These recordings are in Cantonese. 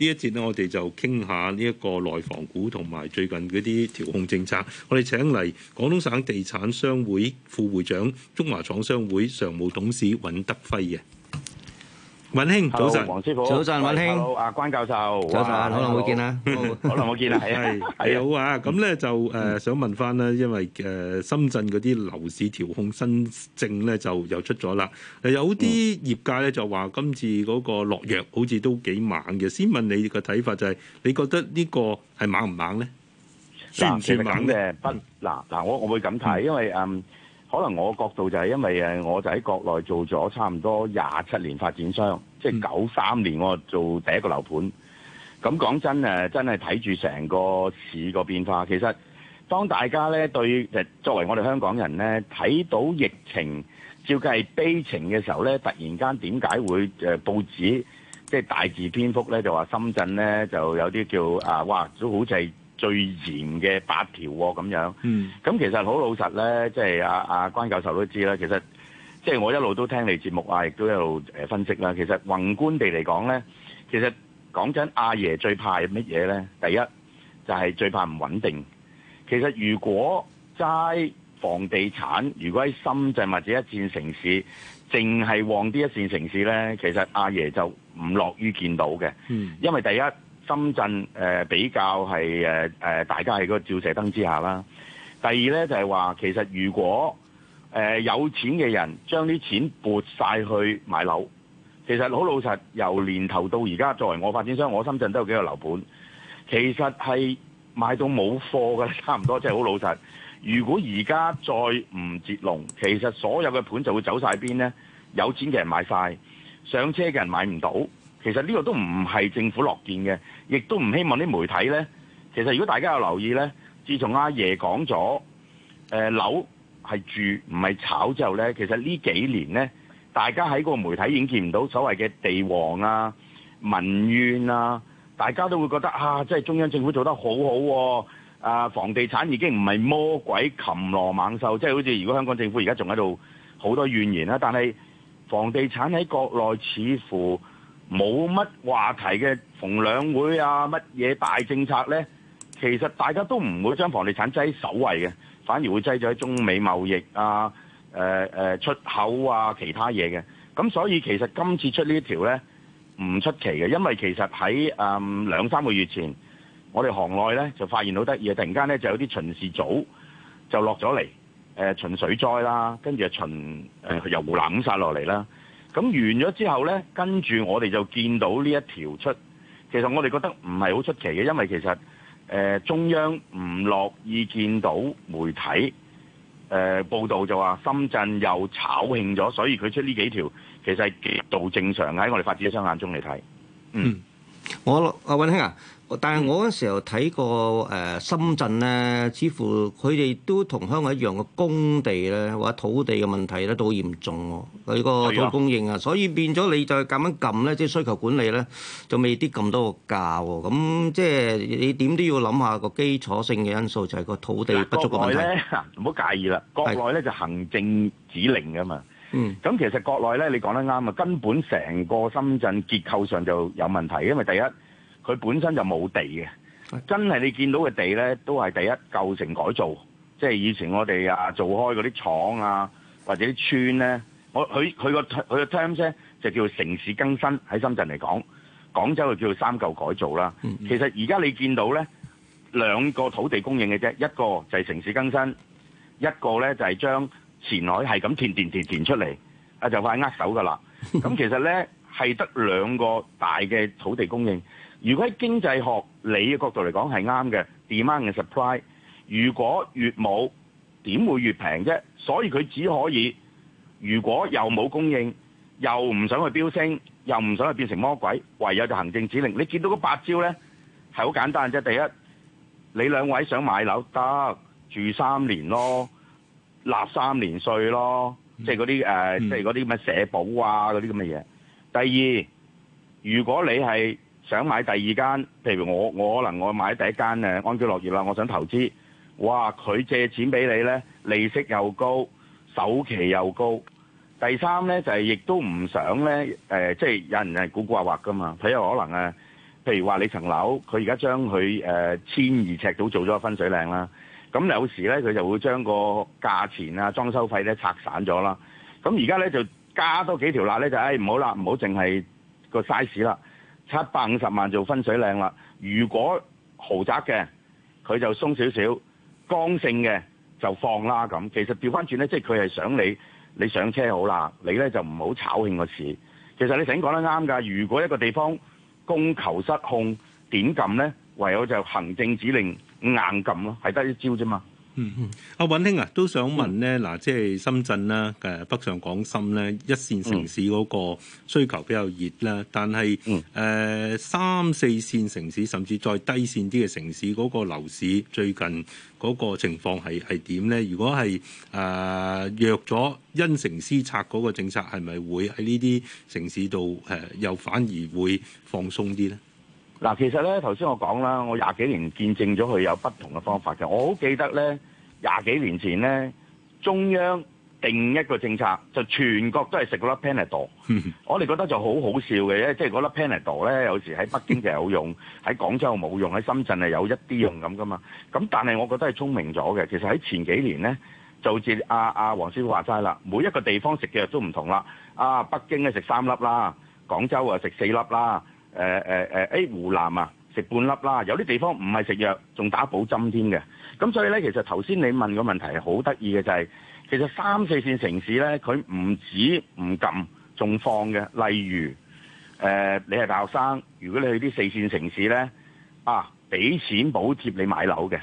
呢一節咧，我哋就傾下呢一個內房股同埋最近嗰啲調控政策。我哋請嚟廣東省地產商會副會長、中華廠商會常務董事尹德輝嘅。文興早晨，黃師傅早晨，文興，阿關教授早晨，好耐冇見啦，好耐冇見啦，係係好啊！咁咧就誒想問翻咧，因為誒深圳嗰啲樓市調控新政咧就又出咗啦，有啲業界咧就話今次嗰個落藥好似都幾猛嘅。先問你個睇法，就係你覺得呢個係猛唔猛咧？算唔算猛嘅？不，嗱嗱，我我會咁睇，因為誒。可能我角度就係因為我就喺國內做咗差唔多廿七年發展商，即係九三年我做第一個樓盤。咁、嗯、講真誒，真係睇住成個市個變化。其實當大家咧對誒，作為我哋香港人咧，睇到疫情照計悲情嘅時候咧，突然間點解會報紙即係大字篇幅咧，就話、是、深圳咧就有啲叫啊哇，都好滯。最嚴嘅八條喎、啊，咁樣。咁、嗯、其實好老實咧，即係阿阿關教授都知啦。其實即係、就是、我一路都聽你節目啊，亦都一路誒分析啦、啊。其實宏觀地嚟講咧，其實講真，阿爺最怕係乜嘢咧？第一就係、是、最怕唔穩定。其實如果齋房地產，如果喺深圳或者一線城市，淨係旺啲一線城市咧，其實阿爺就唔樂於見到嘅，嗯、因為第一。深圳、呃、比較係、呃、大家喺個照射燈之下啦。第二咧就係話，其實如果、呃、有錢嘅人將啲錢撥曬去買樓，其實好老實，由年頭到而家，作為我發展商，我深圳都有幾個樓盤，其實係買到冇貨嘅，差唔多，即係好老實。如果而家再唔接龍，其實所有嘅盤就會走曬邊咧。有錢嘅人買曬，上車嘅人買唔到。其實呢個都唔係政府樂見嘅，亦都唔希望啲媒體呢，其實，如果大家有留意呢，自從阿爺講咗、呃、樓係住唔係炒之後呢，其實呢幾年呢，大家喺個媒體已經見唔到所謂嘅地王啊、民怨啊，大家都會覺得啊，即係中央政府做得好好、啊、喎。啊，房地產已經唔係魔鬼擒羅猛獸，即、就、係、是、好似如果香港政府而家仲喺度好多怨言啦、啊。但係房地產喺國內似乎。冇乜話題嘅逢兩會啊，乜嘢大政策呢？其實大家都唔會將房地產擠喺首位嘅，反而會擠咗喺中美貿易啊，誒、呃、出口啊其他嘢嘅。咁所以其實今次出呢條呢唔出奇嘅，因為其實喺誒、嗯、兩三個月前，我哋行內呢就發現到得意啊，突然間呢就有啲巡視組就落咗嚟，誒、呃、巡水災啦，跟住巡誒、呃、由湖南殺落嚟啦。咁完咗之後呢，跟住我哋就見到呢一條出，其實我哋覺得唔係好出奇嘅，因為其實誒、呃、中央唔樂意見到媒體誒、呃、報道就話深圳又炒興咗，所以佢出呢幾條其實係極度正常嘅喺我哋發展商眼中嚟睇。嗯，嗯我阿允、啊、興啊。但係我嗰時候睇過誒深圳咧，似乎佢哋都同香港一樣嘅供地咧，或者土地嘅問題咧都好嚴重喎。佢個土地供應啊，所以變咗你就咁樣撳咧，即係需求管理咧，就未跌咁多個價喎。咁即係你點都要諗下個基礎性嘅因素，就係個土地不足嘅問題。唔好介意啦，國內咧就行政指令㗎嘛。嗯，咁其實國內咧你講得啱啊，根本成個深圳結構上就有問題，因為第一。佢本身就冇地嘅，真係你見到嘅地咧，都係第一舊城改造，即係以前我哋啊做開嗰啲廠啊或者啲村咧，我佢佢個佢個 terms 咧就叫城市更新，喺深圳嚟講，廣州就叫做三舊改造啦。其實而家你見到咧兩個土地供應嘅啫，一個就係城市更新，一個咧就係將前海係咁填填填填出嚟，啊就快握手㗎喇。咁其實咧，係得兩個大嘅土地供應，如果喺經濟學理嘅角度嚟講係啱嘅，demand 嘅 supply。如果越冇，點會越平啫？所以佢只可以，如果又冇供應，又唔想佢飆升，又唔想佢變成魔鬼，唯有就行政指令。你見到個八招呢，係好簡單嘅啫。第一，你兩位想買樓得住三年咯，納三年稅咯，即係嗰啲誒，即係嗰啲咩社保啊，嗰啲咁嘅嘢。第二，如果你係想買第二間，譬如我，我可能我買第一間安居樂業啦，我想投資，哇！佢借錢俾你咧，利息又高，首期又高。第三咧就係、是、亦都唔想咧、呃，即係有人係古古惑惑㗎噶嘛，佢又可能誒，譬如話你層樓，佢而家將佢誒千二尺度做咗個分水嶺啦，咁有時咧佢就會將個價錢啊、裝修費咧拆散咗啦，咁而家咧就。加多幾條辣咧就，哎唔好啦，唔好淨係個 size 啦，七百五十萬做分水嶺啦。如果豪宅嘅，佢就鬆少少；剛性嘅就放啦咁。其實掉返轉咧，即係佢係想你，你上車好啦，你咧就唔好炒興個市。其實你頭先講得啱㗎。如果一個地方供求失控，點撳咧？唯有就行政指令硬撳咯，係得一招啫嘛。嗯，阿尹兄啊，都想問咧，嗱、啊，即係深圳啦，誒、啊，北上廣深咧，一線城市嗰個需求比較熱啦，嗯、但係誒、呃、三四線城市甚至再低線啲嘅城市嗰個樓市最近嗰個情況係係點咧？如果係誒、呃、弱咗，因城施策嗰個政策係咪會喺呢啲城市度誒、呃、又反而會放鬆啲咧？嗱，其實咧頭先我講啦，我廿幾年見證咗佢有不同嘅方法嘅。我好記得咧，廿幾年前咧，中央定一個政策，就全國都係食粒 Panadol。 我哋覺得就好好笑嘅，因為即係嗰粒 Panadol 咧，有時喺北京就有用，喺廣州冇用，喺深圳係有一啲用咁噶嘛。咁但係我覺得係聰明咗嘅。其實喺前幾年咧，就好似阿阿黃師傅話齋啦，每一個地方食嘅都唔同啦。啊，北京咧食三粒啦，廣州啊食四粒啦。誒誒誒，誒、呃呃欸、湖南啊，食半粒啦。有啲地方唔係食藥，仲打補針添嘅。咁所以咧，其實頭先你問個問題好得意嘅，就係其實三四線城市咧，佢唔止唔撳，仲放嘅。例如誒、呃，你係大學生，如果你去啲四線城市咧，啊，俾錢補貼你買樓嘅。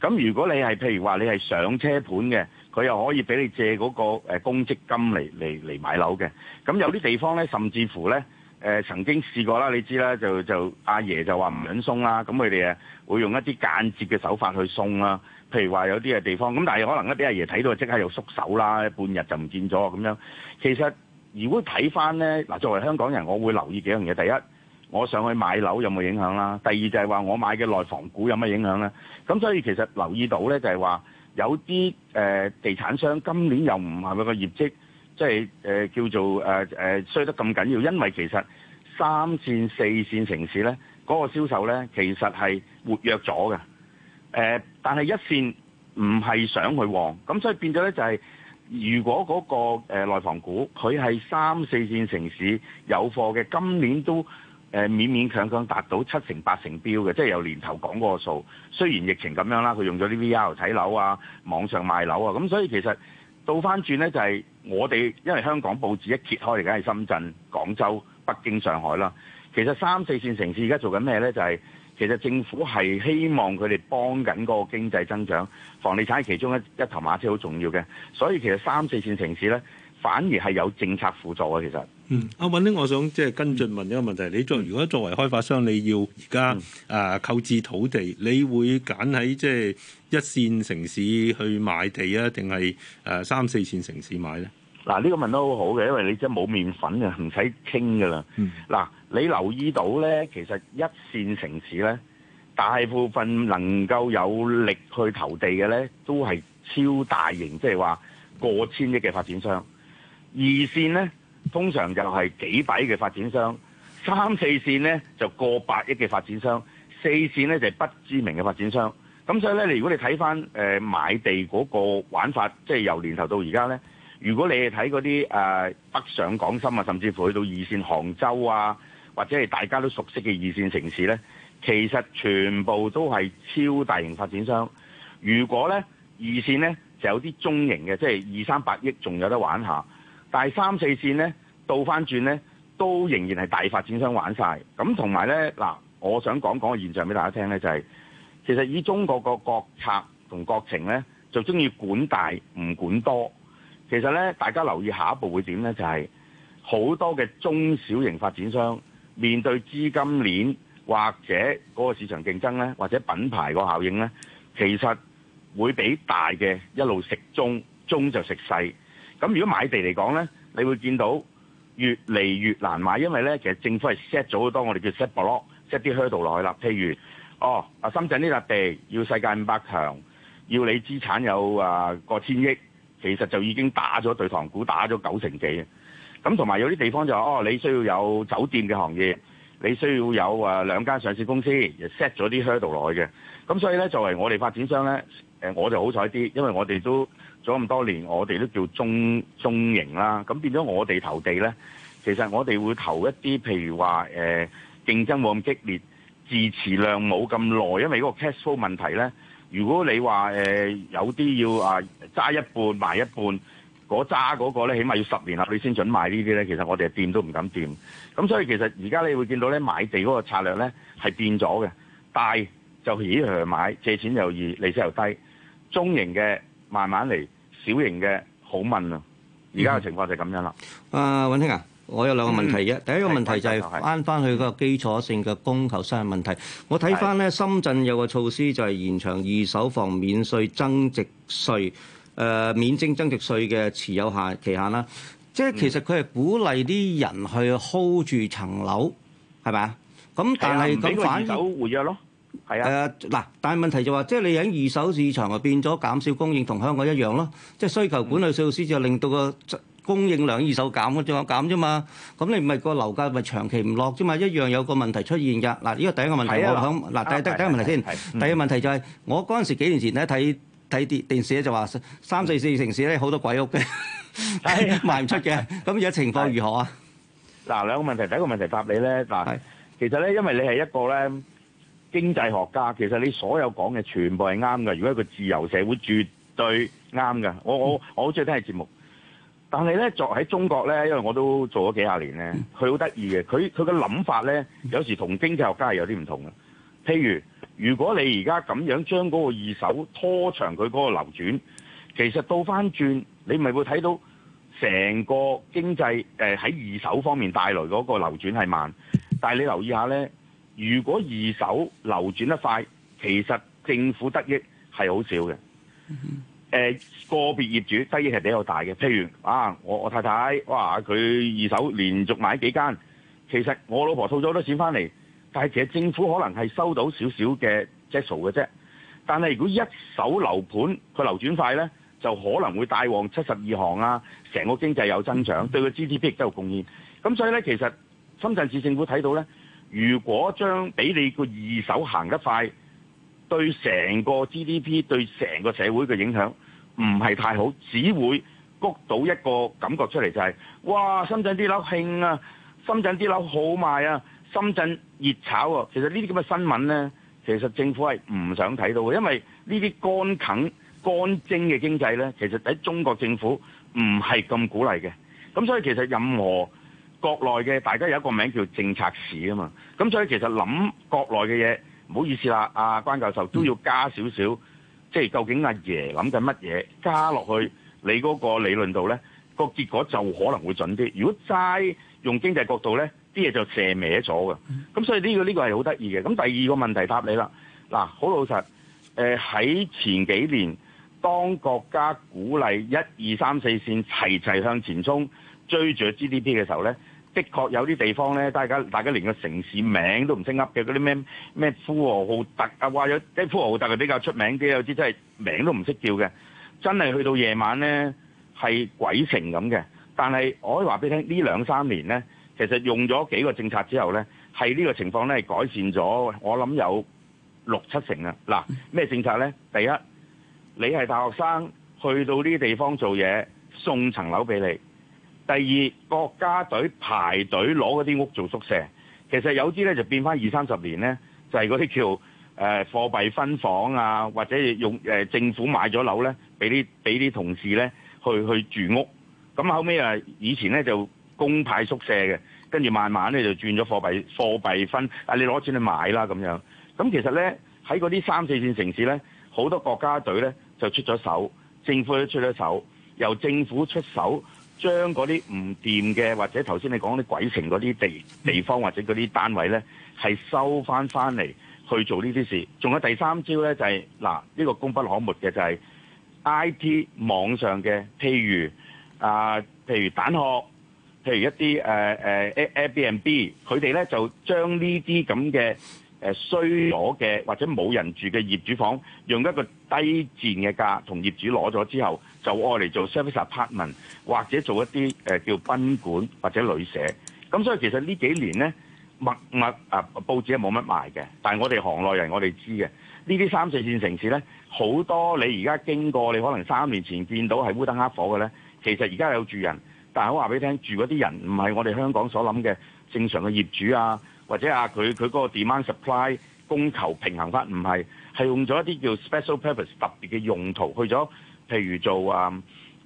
咁如果你係譬如話你係上車盤嘅，佢又可以俾你借嗰個誒公積金嚟嚟嚟買樓嘅。咁有啲地方咧，甚至乎咧。誒曾經試過啦，你知啦，就就阿爺，爺就話唔肯送啦，咁佢哋會用一啲間接嘅手法去送啦，譬如話有啲嘅地方，咁但係可能一俾阿爺睇到，即刻又縮手啦，半日就唔見咗咁樣。其實如果睇翻咧，嗱作為香港人，我會留意幾樣嘢。第一，我上去買樓有冇影響啦？第二就係話我買嘅內房股有乜影響咧？咁所以其實留意到咧，就係話有啲誒、呃、地產商今年又唔係佢個業績。即係誒叫做誒誒、呃、衰得咁緊要，因為其實三線、四線城市咧嗰、那個銷售咧，其實係活躍咗嘅。誒、呃，但係一線唔係想去旺，咁所以變咗咧就係、是，如果嗰、那個誒、呃、內房股佢係三四線城市有貨嘅，今年都誒勉、呃、勉強強達到七成八成標嘅，即、就、係、是、由年頭講嗰個數。雖然疫情咁樣啦，佢用咗啲 VR 睇樓啊，網上賣樓啊，咁所以其實倒翻轉咧就係、是。我哋因為香港報紙一揭開，而家係深圳、廣州、北京、上海啦。其實三四線城市而家做緊咩呢？就係、是、其實政府係希望佢哋幫緊嗰個經濟增長，房地產係其中一一頭馬車好重要嘅。所以其實三四線城市呢，反而係有政策輔助嘅，其實。阿敏呢，我想即係跟進問一個問題：你作如果作為開發商，你要而家啊購置土地，你會揀喺即係一線城市去買地啊，定係誒三四線城市買咧？嗱，呢個問得好好嘅，因為你真係冇麪粉呀，唔使傾㗎啦。嗱、嗯，你留意到咧，其實一線城市咧，大部分能夠有力去投地嘅咧，都係超大型，即係話過千億嘅發展商。二線咧？通常就係幾百億嘅發展商，三四線呢就過百億嘅發展商，四線呢就係不知名嘅發展商。咁所以呢，你如果你睇翻誒買地嗰個玩法，即係由年頭到而家呢，如果你係睇嗰啲誒北上港深啊，甚至乎去到二線杭州啊，或者係大家都熟悉嘅二線城市呢，其實全部都係超大型發展商。如果呢，二線呢就有啲中型嘅，即係二三百億仲有得玩下。但三四線呢，倒翻轉呢，都仍然係大發展商玩晒。咁同埋呢，嗱，我想講講個現象俾大家聽呢，就係、是、其實以中國個國策同國情呢，就中意管大唔管多。其實呢，大家留意下一步會點呢？就係、是、好多嘅中小型發展商面對資金鏈或者嗰個市場競爭呢，或者品牌個效應呢，其實會俾大嘅一路食中，中就食細。咁如果買地嚟講呢，你會見到越嚟越難買，因為呢，其實政府係 set 咗好多我哋叫 set block，set 啲 hurdle 落去啦。譬如哦，啊深圳呢笪地要世界五百強，要你資產有啊過千億，其實就已經打咗對堂鼓，打咗九成幾。咁同埋有啲地方就話哦，你需要有酒店嘅行業，你需要有啊兩間上市公司 set 咗啲 hurdle 落去嘅。咁所以呢，作為我哋發展商呢，我就好彩啲，因為我哋都咗咁多年，我哋都叫中中型啦。咁變咗我哋投地呢，其實我哋會投一啲，譬如話誒、呃、競爭冇咁激烈，自持量冇咁耐，因為嗰個 cash flow 問題呢，如果你話誒、呃、有啲要啊揸一半賣一半，嗰揸嗰個呢，起碼要十年後你先準買呢啲呢，其實我哋係掂都唔敢掂。咁所以其實而家你會見到呢，買地嗰個策略呢係變咗嘅，大就起去，去買借錢又易，利息又低，中型嘅。慢慢嚟，小型嘅好問啊、嗯！而家嘅情況就係咁樣啦。啊、呃，尹卿啊，我有兩個問題啫。第一個問題就係翻翻去個基礎性嘅供求失衡問題。我睇翻咧，深圳有個措施就係延長二手房免稅增值稅誒、呃、免徵增值稅嘅持有限期限啦。即係其實佢係鼓勵啲人去 hold 住層樓，係咪啊？咁但係唔俾個二手活躍咯。係啊！誒嗱，但係問題就話，即係你喺二手市場就變咗減少供應，同香港一樣咯。即係需求管理措施就令到個供應量二手減嘅，仲減啫嘛。咁你唔係個樓價咪長期唔落啫嘛？一樣有個問題出現㗎。嗱，呢個第一個問題我響嗱，第一得第一個問題先。第一個問題就係我嗰陣時幾年前咧睇睇電電視咧就話三四線城市咧好多鬼屋嘅賣唔出嘅。咁而家情況如何啊？嗱，兩個問題，第一個問題答你咧嗱，其實咧因為你係一個咧。經濟學家，其實你所有講嘅全部係啱嘅，如果一個自由社會絕對啱嘅。我我我好鍾意聽係節目，但係咧作喺中國咧，因為我都做咗幾廿年咧，佢好得意嘅。佢佢嘅諗法咧，有時同經濟學家係有啲唔同嘅。譬如如果你而家咁樣將嗰個二手拖長佢嗰個流轉，其實倒返轉你咪會睇到成個經濟誒喺、呃、二手方面帶來嗰個流轉係慢，但係你留意一下咧。如果二手流轉得快，其實政府得益係好少嘅。誒、呃、個別業主得益係比較大嘅。譬如啊，我我太太哇，佢二手連續買幾間，其實我老婆套咗好多錢翻嚟，但係其實政府可能係收到少少嘅質數嘅啫。但係如果一手樓盤佢流轉快呢，就可能會帶旺七十二行啊，成個經濟有增長，嗯、對個 GDP 都有貢獻。咁所以呢，其實深圳市政府睇到呢。如果將俾你個二手行得快，對成個 GDP 對成個社會嘅影響唔係太好，只會谷到一個感覺出嚟、就係，就係哇！深圳啲樓興啊，深圳啲樓好賣啊，深圳熱炒啊。其實呢啲咁嘅新聞呢，其實政府係唔想睇到嘅，因為呢啲乾啃乾蒸嘅經濟呢，其實喺中國政府唔係咁鼓勵嘅。咁所以其實任何國內嘅大家有一個名叫政策市啊嘛，咁所以其實諗國內嘅嘢唔好意思啦，阿關教授都要加少少，即係究竟阿爺諗緊乜嘢加落去你嗰個理論度呢、嗰個結果就可能會準啲。如果齋用經濟角度呢啲嘢就射歪咗嘅。咁所以呢、呢個呢、呢個係好得意嘅。咁第二個問題答你啦，嗱，好老實，喺、呃、前幾年當國家鼓勵一二三四線齊齊向前衝追住 GDP 嘅時候呢。的確有啲地方咧，大家大家連個城市名都唔識噏嘅，嗰啲咩咩呼和浩特啊，或者即係呼和浩特係比較出名啲，有啲真係名都唔識叫嘅。真係去到夜晚咧係鬼城咁嘅。但係我可以話俾你聽，呢兩三年咧，其實用咗幾個政策之後咧，係呢個情況咧改善咗。我諗有六七成啊。嗱，咩政策咧？第一，你係大學生去到呢啲地方做嘢，送層樓俾你。第二，國家隊排隊攞嗰啲屋做宿舍，其實有啲咧就變翻二三十年咧，就係嗰啲叫誒、呃、貨幣分房啊，或者用、呃、政府買咗樓咧，俾啲俾啲同事咧去去住屋。咁後尾啊，以前咧就公派宿舍嘅，跟住慢慢咧就轉咗貨幣貨幣分，啊你攞錢去買啦咁樣。咁其實咧喺嗰啲三四線城市咧，好多國家隊咧就出咗手，政府都出咗手，由政府出手。將嗰啲唔掂嘅，或者頭先你講啲鬼城嗰啲地地方，或者嗰啲單位呢，係收翻翻嚟去做呢啲事。仲有第三招呢，就係嗱，呢個功不可沒嘅就係 IT 網上嘅，譬如啊，譬如蛋殼，譬如一啲誒誒 Airbnb，佢哋呢，就將呢啲咁嘅。誒、呃、衰咗嘅或者冇人住嘅業主房，用一個低賤嘅價同業主攞咗之後，就愛嚟做 service apartment 或者做一啲誒、呃、叫賓館或者旅社。咁、嗯、所以其實呢幾年呢，物物啊報紙係冇乜賣嘅。但係我哋行內人我哋知嘅，呢啲三四線城市呢，好多你而家經過你可能三年前見到係烏燈黑火嘅呢。其實而家有住人。但係我話俾你聽，住嗰啲人唔係我哋香港所諗嘅正常嘅業主啊。或者啊，佢佢嗰個 demand supply 供求平衡法唔係，係用咗一啲叫 special purpose 特別嘅用途去咗，譬如做啊、嗯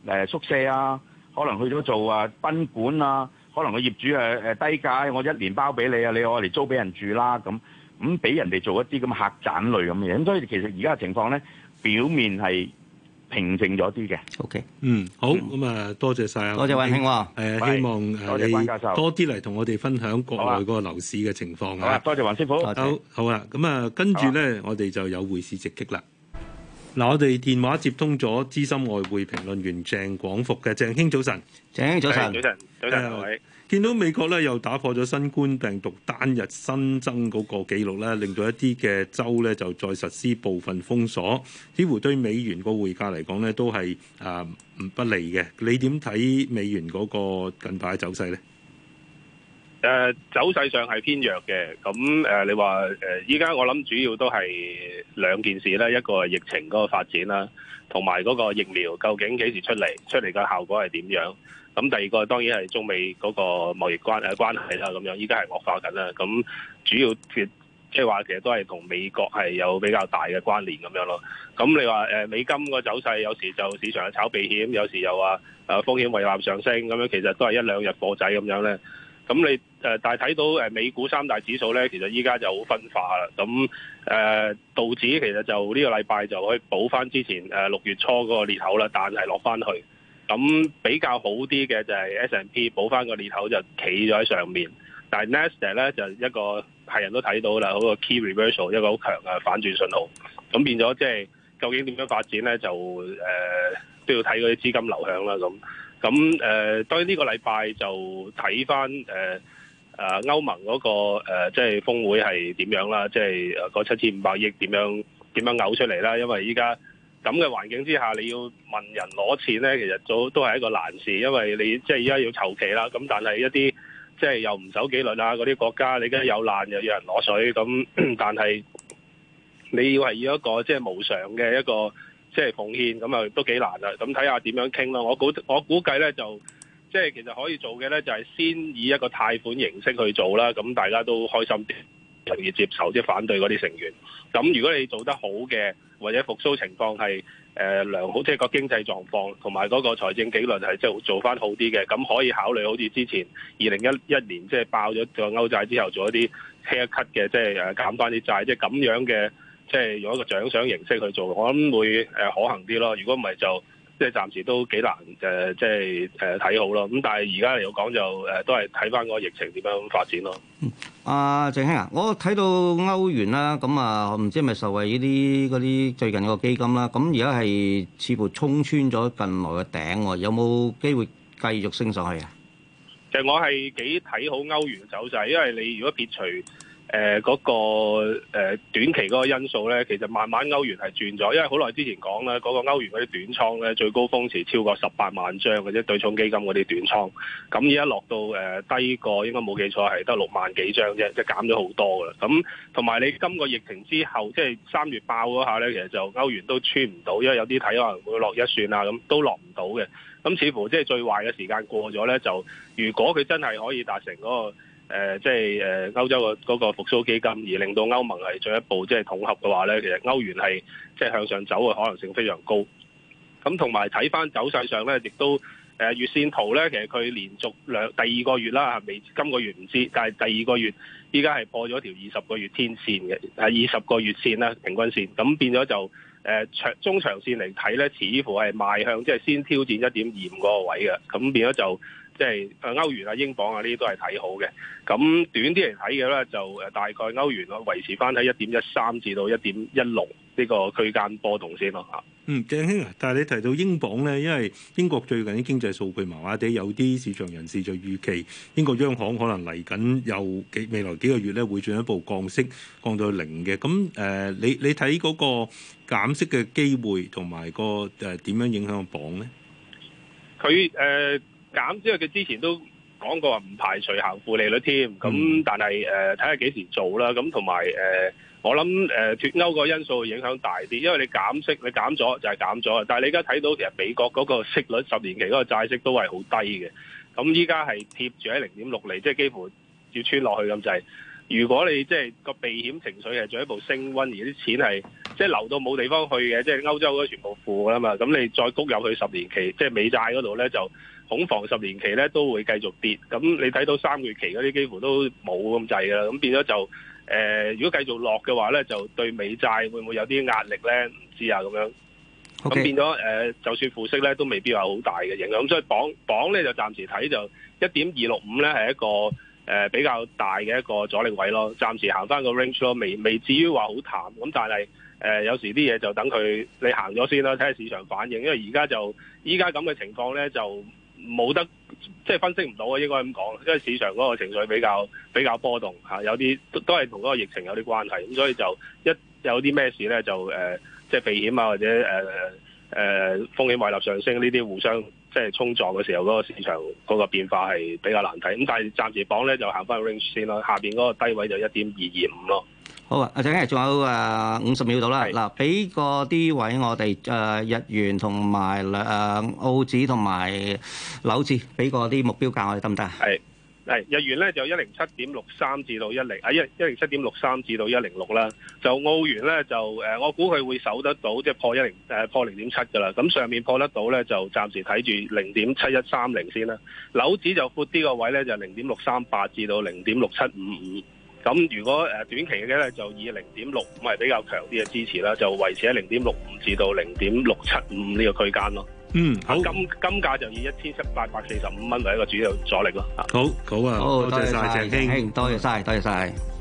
呃、宿舍啊，可能去咗做啊、呃、賓館啊，可能個業主誒低價，我一年包俾你啊，你我嚟租俾人住啦，咁咁俾人哋做一啲咁客棧類咁嘅嘢，咁所以其實而家嘅情況咧，表面係，平靜咗啲嘅，OK，嗯，好，咁啊，多謝晒啊！多謝運慶，誒，希望誒你多啲嚟同我哋分享國內個樓市嘅情況啊，多謝黃師傅，好好啦，咁啊，跟住咧，啊、我哋就有匯市直擊啦。嗱，我哋電話接通咗資深外匯評論員鄭廣復嘅，鄭兄早晨，鄭兄早晨，早晨，早晨，各位，見到美國咧又打破咗新冠病毒單日新增嗰個紀錄咧，令到一啲嘅州咧就再實施部分封鎖，似乎對美元個匯價嚟講咧都係誒唔不利嘅，你點睇美元嗰個近排走勢咧？誒、呃、走勢上係偏弱嘅，咁誒、呃、你話誒依家我諗主要都係兩件事啦：一個係疫情嗰個發展啦，同埋嗰個疫苗究竟幾時出嚟，出嚟嘅效果係點樣？咁第二個當然係中美嗰個貿易關誒關係啦，咁樣依家係惡化緊啦。咁主要即係話其實都係同美國係有比較大嘅關聯咁樣咯。咁你話誒、呃、美金個走勢有時就市場炒避險，有時又話誒風險胃納上升，咁樣其實都係一兩日波仔咁樣咧。咁你？誒，但係睇到誒美股三大指數咧，其實依家就好分化啦。咁誒、呃、道指其實就呢個禮拜就可以補翻之前誒六月初嗰個裂口啦，但係落翻去。咁比較好啲嘅就係 S&P 補翻個裂口就企咗喺上面，但係 Nasdaq 咧就一個係人都睇到啦，一個 key reversal 一個好強嘅反轉信號。咁變咗即係究竟點樣發展咧，就誒、呃、都要睇嗰啲資金流向啦。咁咁誒當然呢個禮拜就睇翻誒。呃誒、呃、歐盟嗰、那個即係、呃就是、峰會係點樣啦？即係嗰七千五百億點樣點樣嘔出嚟啦？因為依家咁嘅環境之下，你要問人攞錢咧，其實早都係一個難事，因為你即係依家要籌期啦。咁但係一啲即係又唔守紀律啊嗰啲國家，你而家有難又有人攞水。咁但係你要係要一個即係、就是、無償嘅一個即係、就是、奉獻，咁啊都幾難啊。咁睇下點樣傾咯。我估我估計咧就。即係其實可以做嘅呢，就係先以一個貸款形式去做啦，咁大家都開心啲，容易接受，即係反對嗰啲成員。咁如果你做得好嘅，或者復甦情況係誒良好，即係個經濟狀況同埋嗰個財政紀律係即係做翻好啲嘅，咁可以考慮好似之前二零一一年即係爆咗個歐債之後做一啲 haircut 嘅，即係減翻啲債，即係咁樣嘅，即係用一個獎賞形式去做，我諗會可行啲咯。如果唔係就。即係暫時都幾難誒，即係誒睇好咯。咁但係而家嚟講就誒、呃，都係睇翻個疫情點樣發展咯。阿鄭興啊，我睇到歐元啦，咁、嗯、啊，我唔知係咪受惠呢啲啲最近個基金啦。咁而家係似乎衝穿咗近來嘅頂，有冇機會繼續升上去啊？其實我係幾睇好歐元走勢，因為你如果撇除。誒嗰、呃那個、呃、短期嗰個因素咧，其實慢慢歐元係轉咗，因為好耐之前講咧，嗰、那個歐元嗰啲短倉咧，最高峰時超過十八萬張嘅啫，對沖基金嗰啲短倉。咁而家落到誒、呃、低個，應該冇記錯係得六萬幾張啫，即係減咗好多噶啦。咁同埋你今個疫情之後，即係三月爆嗰下咧，其實就歐元都穿唔到，因為有啲睇可能會落一算啊，咁都落唔到嘅。咁似乎即係最壞嘅時間過咗咧，就如果佢真係可以達成嗰、那個。誒，即係誒歐洲個嗰個復甦基金，而令到歐盟係進一步即係、就是、統合嘅話咧，其實歐元係即、就是、向上走嘅可能性非常高。咁同埋睇翻走勢上咧，亦都誒、呃、月線圖咧，其實佢連續兩第二個月啦，未今個月唔知，但係第二個月依家係破咗條二十個月天線嘅，二十個月線啦，平均線。咁變咗就誒、呃、中長線嚟睇咧，似乎係邁向，即、就、係、是、先挑戰一點二五嗰個位嘅，咁變咗就。即係啊，歐元啊、英鎊啊，呢啲都係睇好嘅。咁短啲嚟睇嘅咧，就誒大概歐元咯，維持翻喺一點一三至到一點一六呢個區間波動先咯嚇。嗯，鄭兄，但係你提到英鎊咧，因為英國最近啲經濟數據麻麻地，有啲市場人士就預期英國央行可能嚟緊又幾未來幾個月咧會進一步降息，降到零嘅。咁誒，你你睇嗰個減息嘅機會同埋、嗰個誒點、呃、樣影響鎊咧？佢誒。減，因為佢之前都講過話唔排除行負利率添。咁但係誒睇下幾時做啦。咁同埋誒，我諗誒脫歐個因素會影響大啲，因為你減息你減咗就係減咗。但係你而家睇到其實美國嗰個息率十年期嗰個債息都係好低嘅，咁依家係貼住喺零點六厘，即係幾乎要穿落去咁就係。如果你即係個避險情緒係進一步升溫，而啲錢係即係流到冇地方去嘅，即係歐洲嗰啲全部負㗎嘛，咁你再谷入去十年期即係美債嗰度咧就。拱房十年期咧都會繼續跌，咁你睇到三個月期嗰啲幾乎都冇咁滯噶啦，咁變咗就、呃、如果繼續落嘅話咧，就對美債會唔會有啲壓力咧？唔知啊，咁樣咁變咗 Okay.、呃、就算負息咧，都未必有好大嘅影響。咁所以榜榜咧就暫時睇就一點二六五咧係一個、呃、比較大嘅一個阻力位咯，暫時行翻個 range 咯，未未至於話好淡。咁但係、呃、有時啲嘢就等佢你行咗先啦，睇下市場反應。因為而家就依家咁嘅情況咧就。冇得即係分析唔到啊，應該咁講，因為市場嗰個情緒比較比較波動吓，有啲都係同嗰個疫情有啲關係，咁所以就一有啲咩事咧就、呃、即係避險啊，或者、呃呃、風險買立上升呢啲互相即係衝撞嘅時候，嗰、嗰個市場嗰個變化係比較難睇。咁但係暫時講咧就行翻 range 先啦，下邊嗰個低位就一點二二五咯。好啊，阿鄭生，仲有誒五十秒到啦。嗱，俾個啲位我哋誒日元同埋誒澳紙同埋紐紙，俾個啲目標價我哋得唔得啊？係係日元咧就一零七點六三至到一零啊一一零七點六三至到一零六啦。就澳元咧就誒，我估佢會守得到，即係破一零誒破零點七嘅啦。咁上面破得到咧，就暫時睇住零點七一三零先啦。紐紙就闊啲個位咧，就零點六三八至到零點六七五五。咁如果誒短期嘅咧，就以零點六五係比較強啲嘅支持啦，就維持喺零點六五至到零點六七五呢個區間咯。嗯，好。金金價就以一千七百八十四五蚊為一個主要阻力咯。好好啊，好，啊好啊多謝謝，鄭兄，兄多謝晒，多謝晒。多謝。